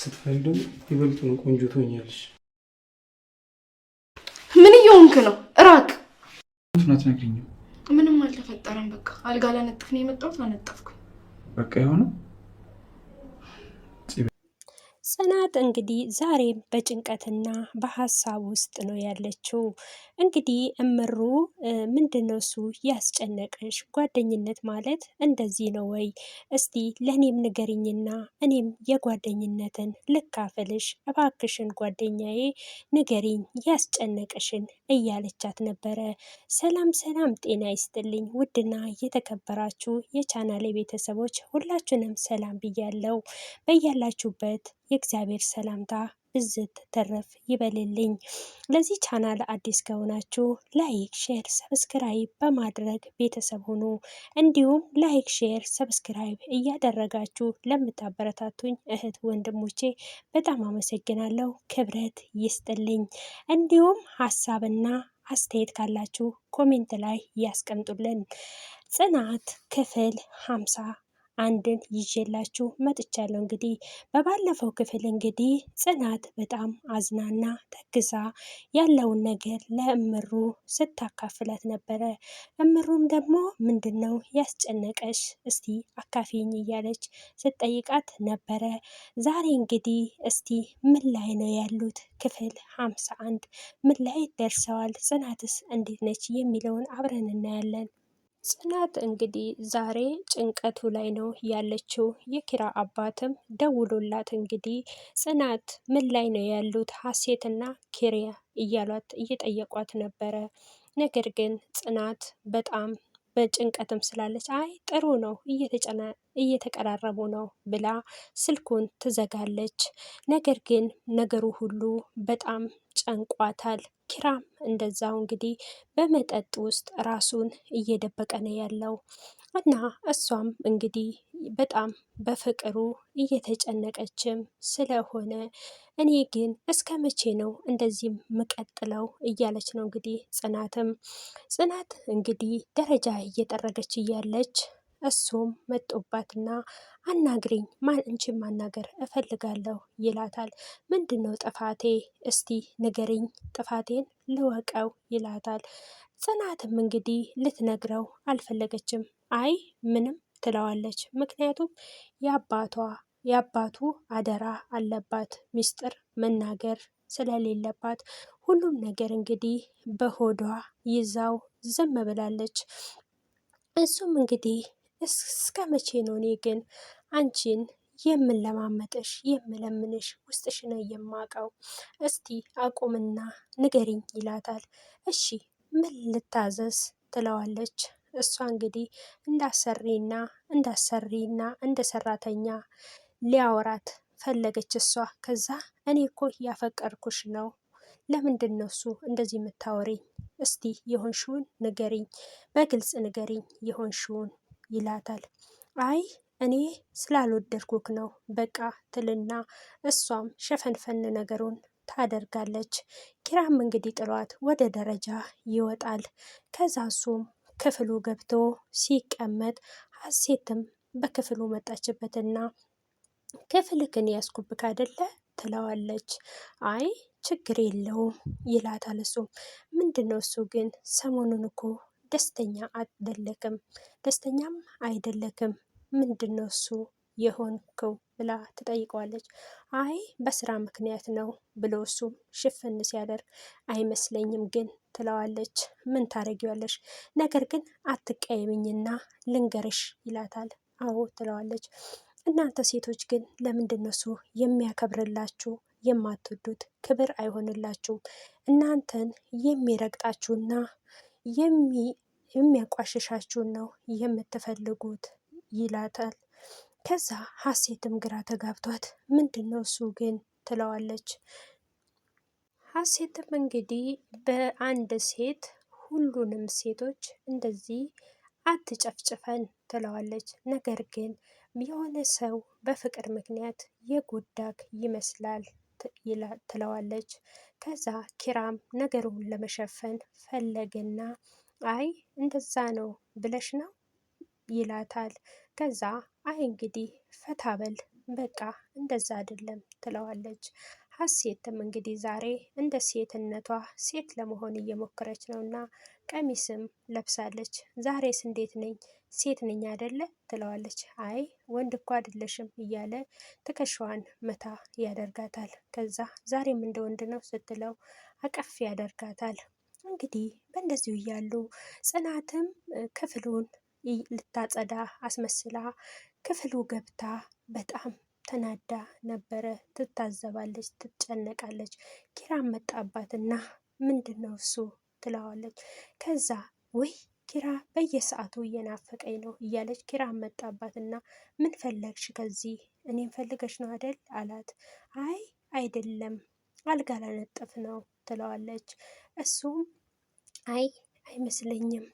ስትፈልግ ይበልጥ ነው ቆንጆ ትሆኛለሽ። ምን እየሆንክ ነው? እራቅ። አትነግሪኝም? ምንም አልተፈጠረም። በቃ አልጋ ላነጥፍ ነው የመጣሁት፣ አነጠፍኩ። በቃ የሆነ ጽናት እንግዲህ ዛሬም በጭንቀትና በሀሳብ ውስጥ ነው ያለችው። እንግዲህ እምሩ ምንድን ነው እሱ ያስጨነቀሽ? ጓደኝነት ማለት እንደዚህ ነው ወይ? እስቲ ለእኔም ንገሪኝና እኔም የጓደኝነትን ልካፈልሽ እባክሽን ጓደኛዬ ንገሪኝ ያስጨነቀሽን እያለቻት ነበረ። ሰላም ሰላም፣ ጤና ይስጥልኝ ውድና የተከበራችሁ የቻናሌ ቤተሰቦች ሁላችሁንም ሰላም ብያለው። በያላችሁበት የእግዚአብሔር ሰላምታ ብዝት ተረፍ ይበልልኝ። ለዚህ ቻናል አዲስ ከሆናችሁ ላይክ፣ ሼር፣ ሰብስክራይብ በማድረግ ቤተሰብ ሁኑ። እንዲሁም ላይክ፣ ሼር፣ ሰብስክራይብ እያደረጋችሁ ለምታበረታቱኝ እህት ወንድሞቼ በጣም አመሰግናለሁ። ክብረት ይስጥልኝ። እንዲሁም ሀሳብና አስተያየት ካላችሁ ኮሜንት ላይ ያስቀምጡልን። ጽናት ክፍል ሀምሳ አንድን ይዤላችሁ መጥቻለሁ። እንግዲህ በባለፈው ክፍል እንግዲህ ጽናት በጣም አዝናና ተግዛ ያለውን ነገር ለእምሩ ስታካፍላት ነበረ። እምሩም ደግሞ ምንድን ነው ያስጨነቀሽ? እስቲ አካፊኝ እያለች ስትጠይቃት ነበረ። ዛሬ እንግዲህ እስቲ ምን ላይ ነው ያሉት? ክፍል ሀምሳ አንድ ምን ላይ ደርሰዋል? ጽናትስ እንዴት ነች? የሚለውን አብረን እናያለን። ጽናት እንግዲህ ዛሬ ጭንቀቱ ላይ ነው ያለችው። የኪራ አባትም ደውሎላት እንግዲህ ጽናት ምን ላይ ነው ያሉት ሀሴትና ኪሪያ እያሏት እየጠየቋት ነበረ። ነገር ግን ጽናት በጣም በጭንቀትም ስላለች አይ ጥሩ ነው እየተቀራረቡ ነው ብላ ስልኩን ትዘጋለች። ነገር ግን ነገሩ ሁሉ በጣም ጨንቋታል። ኪራም እንደዛው እንግዲህ በመጠጥ ውስጥ ራሱን እየደበቀ ነው ያለው እና እሷም እንግዲህ በጣም በፍቅሩ እየተጨነቀችም ስለሆነ እኔ ግን እስከ መቼ ነው እንደዚህ ምቀጥለው እያለች ነው እንግዲህ ጽናትም ጽናት እንግዲህ ደረጃ እየጠረገች እያለች እሱም መጦባትና አናግሪኝ ማን አንቺን ማናገር እፈልጋለሁ ይላታል። ምንድነው ጥፋቴ? እስቲ ንገሪኝ፣ ጥፋቴን ልወቀው ይላታል። ጽናትም እንግዲህ ልትነግረው አልፈለገችም። አይ ምንም ትለዋለች። ምክንያቱም የአባቷ የአባቱ አደራ አለባት ሚስጥር መናገር ስለሌለባት ሁሉም ነገር እንግዲህ በሆዷ ይዛው ዝም ብላለች። እሱም እንግዲህ እስከ መቼ ነው እኔ ግን አንቺን የምለማመጥሽ የምለምንሽ ውስጥሽ ነው የማውቀው፣ እስቲ አቁምና ንገሪኝ ይላታል። እሺ ምን ልታዘዝ ትለዋለች። እሷ እንግዲህ እንዳሰሪና እንዳሰሪና እንደ ሰራተኛ ሊያወራት ፈለገች እሷ። ከዛ እኔ እኮ ያፈቀርኩሽ ነው ለምንድን ነው እሱ እንደዚህ የምታወሪኝ? እስቲ የሆንሽውን ንገሪኝ፣ በግልጽ ንገሪኝ የሆንሽውን ይላታል። አይ እኔ ስላልወደድኩክ ነው በቃ ትልና እሷም ሸፈንፈን ነገሩን ታደርጋለች። ኪራም እንግዲህ ጥሏት ወደ ደረጃ ይወጣል። ከዛ እሱም ክፍሉ ገብቶ ሲቀመጥ ሀሴትም በክፍሉ መጣችበትና ክፍልክን ያስኩብክ አይደለ ትለዋለች። አይ ችግር የለውም ይላታል። እሱ ምንድን ነው እሱ ግን ሰሞኑን እኮ ደስተኛ አይደለክም ደስተኛም አይደለክም ምንድን ነው እሱ የሆንከው ብላ ትጠይቀዋለች። አይ በስራ ምክንያት ነው ብሎ እሱም ሽፍን ሲያደርግ አይመስለኝም ግን ትለዋለች። ምን ታረጊዋለሽ፣ ነገር ግን አትቀየምኝና ልንገርሽ ይላታል። አዎ ትለዋለች። እናንተ ሴቶች ግን ለምንድን ነው እሱ የሚያከብርላችሁ የማትወዱት? ክብር አይሆንላችሁም። እናንተን የሚረግጣችሁና የሚ የሚያቋሽሻችሁን ነው የምትፈልጉት ይላታል። ከዛ ሀሴትም ግራ ተጋብቷት ምንድን ነው እሱ ግን ትለዋለች። ሀሴትም እንግዲህ በአንድ ሴት ሁሉንም ሴቶች እንደዚህ አትጨፍጭፈን ትለዋለች። ነገር ግን የሆነ ሰው በፍቅር ምክንያት የጎዳክ ይመስላል ትለዋለች። ከዛ ኪራም ነገሩን ለመሸፈን ፈለገና አይ እንደዛ ነው ብለሽ ነው ይላታል። ከዛ አይ እንግዲህ ፈታበል በቃ እንደዛ አይደለም ትለዋለች። ሀሴትም እንግዲህ ዛሬ እንደ ሴትነቷ ሴት ለመሆን እየሞከረች ነው እና ቀሚስም ለብሳለች። ዛሬስ እንዴት ነኝ ሴት ነኝ አይደለ ትለዋለች። አይ ወንድ እኮ አይደለሽም እያለ ትከሻዋን መታ ያደርጋታል። ከዛ ዛሬም እንደ ወንድ ነው ስትለው አቀፍ ያደርጋታል። እንግዲህ በእንደዚሁ እያሉ ጽናትም ክፍሉን ልታጸዳ አስመስላ ክፍሉ ገብታ በጣም ተናዳ ነበረ። ትታዘባለች፣ ትጨነቃለች። ኪራን መጣባትና ምንድን ነው እሱ ትለዋለች። ከዛ ወይ ኪራ በየሰዓቱ እየናፈቀኝ ነው እያለች ኪራ መጣባትና ምን ፈለግሽ ከዚህ እኔም ፈልገሽ ነው አደል አላት። አይ አይደለም አልጋ ላነጥፍ ነው ትለዋለች። እሱም አይ አይመስለኝም፣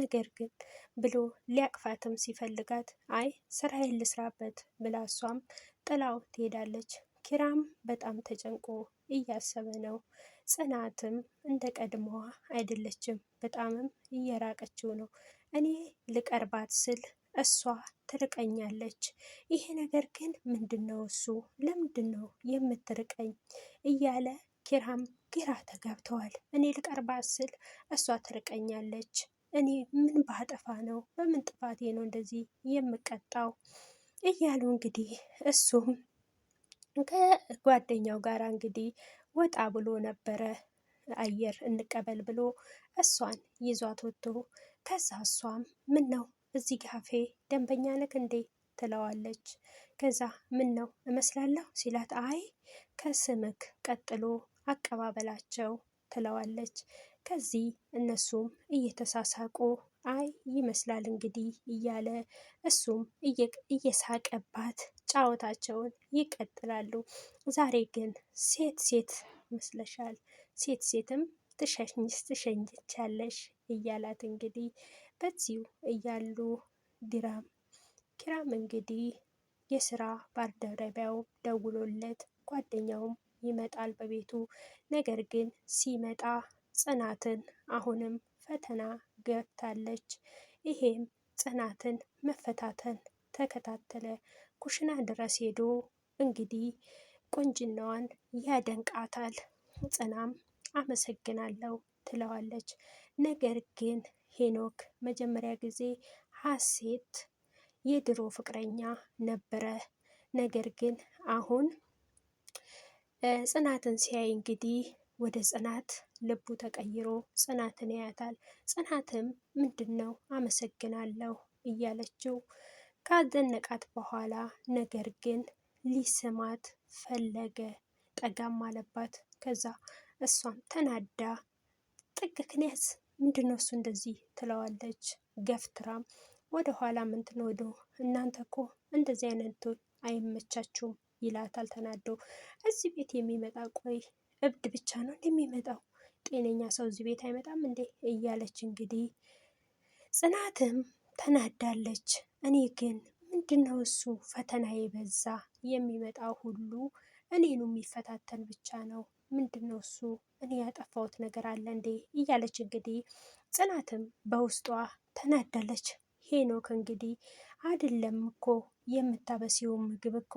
ነገር ግን ብሎ ሊያቅፋትም ሲፈልጋት አይ ስራዬን ልስራበት ብላ እሷም ጥላው ትሄዳለች። ኪራም በጣም ተጨንቆ እያሰበ ነው። ጽናትም እንደ ቀድሞዋ አይደለችም፣ በጣምም እየራቀችው ነው። እኔ ልቀርባት ስል እሷ ትርቀኛለች። ይሄ ነገር ግን ምንድን ነው? እሱ ለምንድን ነው የምትርቀኝ? እያለ ኪራም ግራ ተጋብተዋል። እኔ ልቀርባት ስል እሷ ትርቀኛለች። እኔ ምን ባጠፋ ነው? በምን ጥፋቴ ነው እንደዚህ የምቀጣው? እያሉ እንግዲህ እሱም ከጓደኛው ጋር እንግዲህ ወጣ ብሎ ነበረ አየር እንቀበል ብሎ እሷን ይዟት ወጥቶ ከዛ እሷም ምን ነው እዚህ ካፌ ደንበኛ ነክ እንዴ ትለዋለች። ከዛ ምን ነው እመስላለሁ ሲላት አይ ከስምክ ቀጥሎ አቀባበላቸው ትለዋለች። ከዚህ እነሱም እየተሳሳቁ አይ ይመስላል እንግዲህ እያለ እሱም እየሳቀባት ጫወታቸውን ይቀጥላሉ። ዛሬ ግን ሴት ሴት ይመስለሻል፣ ሴት ሴትም ትሸኝስ ትሸኝቻለሽ እያላት እንግዲህ በዚሁ እያሉ ዲራም ኪራም እንግዲህ የስራ ባልደረቢያው ደውሎለት ጓደኛውም ይመጣል በቤቱ። ነገር ግን ሲመጣ ጽናትን አሁንም ፈተና ገብታለች። ይሄም ጽናትን መፈታተን ተከታተለ። ኩሽና ድረስ ሄዶ እንግዲህ ቁንጅናዋን ያደንቃታል። ጽናም አመሰግናለሁ ትለዋለች። ነገር ግን ሄኖክ መጀመሪያ ጊዜ ሀሴት የድሮ ፍቅረኛ ነበረ። ነገር ግን አሁን ጽናትን ሲያይ እንግዲህ ወደ ጽናት ልቡ ተቀይሮ ጽናትን ያያታል። ጽናትም ምንድን ነው አመሰግናለሁ እያለችው ካደነቃት በኋላ ነገር ግን ሊስማት ፈለገ። ጠጋም አለባት። ከዛ እሷም ተናዳ ጥግ ክንያዝ ምንድን ነው እሱ እንደዚህ ትለዋለች። ገፍትራም ወደኋላ ምንትን ወደ እናንተ እኮ እንደዚህ አይነቱ አይመቻችሁም ይላታል ተናዶ። እዚህ ቤት የሚመጣ ቆይ እብድ ብቻ ነው እንደሚመጣው ጤነኛ ሰው እዚህ ቤት አይመጣም እንዴ? እያለች እንግዲህ ጽናትም ተናዳለች። እኔ ግን ምንድን ነው እሱ ፈተና የበዛ የሚመጣው ሁሉ እኔኑ የሚፈታተን ብቻ ነው። ምንድን ነው እሱ እኔ ያጠፋሁት ነገር አለ እንዴ? እያለች እንግዲህ ጽናትም በውስጧ ተናዳለች። ሄኖክ እንግዲህ አይደለም እኮ የምታበሲው ምግብ እኮ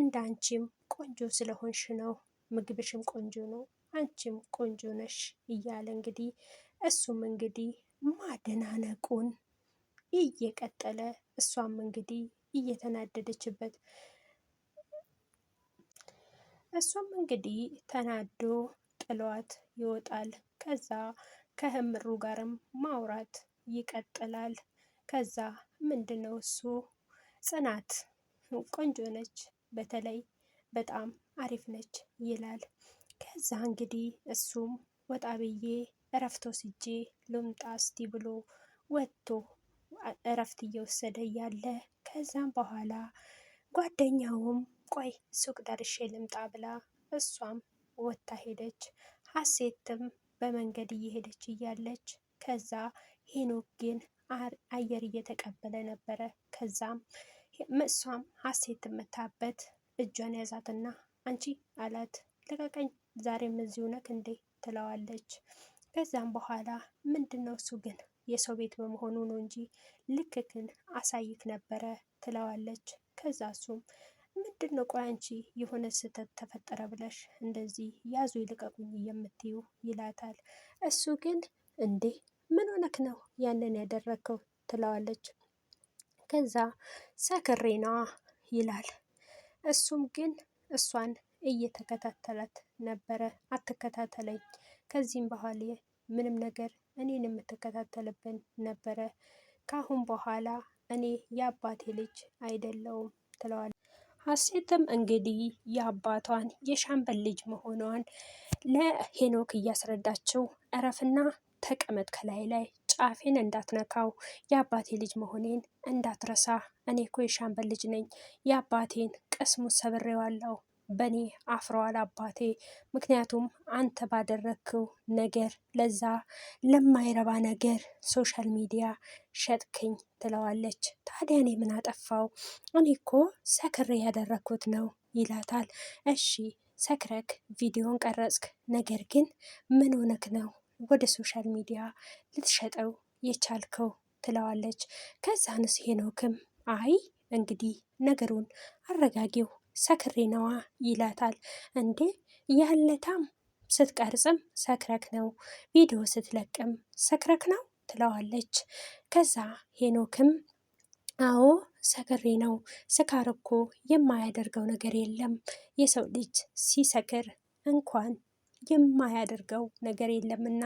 እንደ አንቺም ቆንጆ ስለሆንሽ ነው፣ ምግብሽም ቆንጆ ነው፣ አንቺም ቆንጆ ነሽ እያለ እንግዲህ እሱም እንግዲህ ማደናነቁን እየቀጠለ እሷም እንግዲህ እየተናደደችበት እሷም እንግዲህ ተናዶ ጥሏት ይወጣል። ከዛ ከህምሩ ጋርም ማውራት ይቀጥላል። ከዛ ምንድነው እሱ ጽናት ቆንጆ ነች በተለይ በጣም አሪፍ ነች ይላል። ከዛ እንግዲህ እሱም ወጣ ብዬ እረፍቶ ስጄ ልምጣ እስቲ ብሎ ወጥቶ እረፍት እየወሰደ እያለ ከዛም በኋላ ጓደኛውም ቆይ ሱቅ ደርሼ ልምጣ ብላ እሷም ወጥታ ሄደች። ሀሴትም በመንገድ እየሄደች እያለች ከዛ ሄኖክ ግን አየር እየተቀበለ ነበረ። ከዛም እሷም ሀሴት የምታበት እጇን ያዛትና አንቺ አላት ልቀቀኝ፣ ዛሬም እዚሁ ነክ እንዴ ትለዋለች። ከዛም በኋላ ምንድን ነው እሱ ግን የሰው ቤት በመሆኑ ነው እንጂ ልክክን አሳይክ ነበረ ትለዋለች። ከዛ እሱም ምንድን ነው ቆይ አንቺ የሆነ ስህተት ተፈጠረ ብለሽ እንደዚህ ያዙ ይልቀቁኝ የምትዩ ይላታል። እሱ ግን እንዴ ምን ሆነክ ነው ያንን ያደረግከው ትለዋለች። ከዛ ሰክሬ ነዋ ይላል። እሱም ግን እሷን እየተከታተላት ነበረ። አትከታተለኝ፣ ከዚህም በኋላ ምንም ነገር እኔን የምትከታተልብን ነበረ። ካሁን በኋላ እኔ የአባቴ ልጅ አይደለውም ትለዋል። ሀሴትም እንግዲህ የአባቷን የሻምበል ልጅ መሆኗን ለሄኖክ እያስረዳችው እረፍና ተቀመጥ ከላይ ላይ ጫፌን እንዳትነካው፣ የአባቴ ልጅ መሆኔን እንዳትረሳ፣ እኔ እኮ የሻምበል ልጅ ነኝ፣ የአባቴን ቅስሙ ሰብሬዋለሁ፣ በእኔ አፍረዋል አባቴ። ምክንያቱም አንተ ባደረግከው ነገር፣ ለዛ ለማይረባ ነገር ሶሻል ሚዲያ ሸጥክኝ ትለዋለች። ታዲያ እኔ ምን አጠፋው? እኔ እኮ ሰክሬ ያደረግኩት ነው ይላታል። እሺ ሰክረክ ቪዲዮን ቀረጽክ፣ ነገር ግን ምን ሆነክ ነው ወደ ሶሻል ሚዲያ ልትሸጠው የቻልከው ትለዋለች። ከዛንስ ሄኖክም አይ እንግዲህ ነገሩን አረጋጌው ሰክሬ ነዋ ይላታል። እንዴ ያለታም ስትቀርጽም ሰክረክ ነው፣ ቪዲዮ ስትለቅም ሰክረክ ነው ትለዋለች። ከዛ ሄኖክም አዎ ሰክሬ ነው፣ ስካር እኮ የማያደርገው ነገር የለም የሰው ልጅ ሲሰክር እንኳን የማያደርገው ነገር የለምና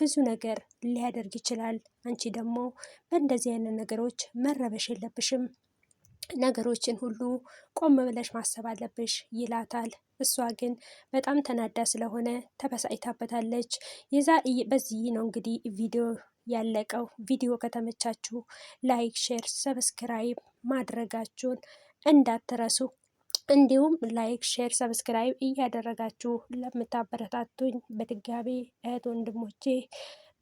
ብዙ ነገር ሊያደርግ ይችላል። አንቺ ደግሞ በእንደዚህ አይነት ነገሮች መረበሽ የለብሽም ነገሮችን ሁሉ ቆም ብለሽ ማሰብ አለብሽ ይላታል። እሷ ግን በጣም ተናዳ ስለሆነ ተበሳጭታበታለች። የዛ በዚህ ነው እንግዲህ ቪዲዮ ያለቀው። ቪዲዮ ከተመቻችሁ ላይክ፣ ሼር፣ ሰብስክራይብ ማድረጋችሁን እንዳትረሱ። እንዲሁም ላይክ፣ ሼር፣ ሰብስክራይብ እያደረጋችሁ ለምታበረታቱኝ በድጋሚ እህት ወንድሞቼ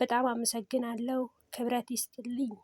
በጣም አመሰግናለሁ። ክብረት ይስጥልኝ።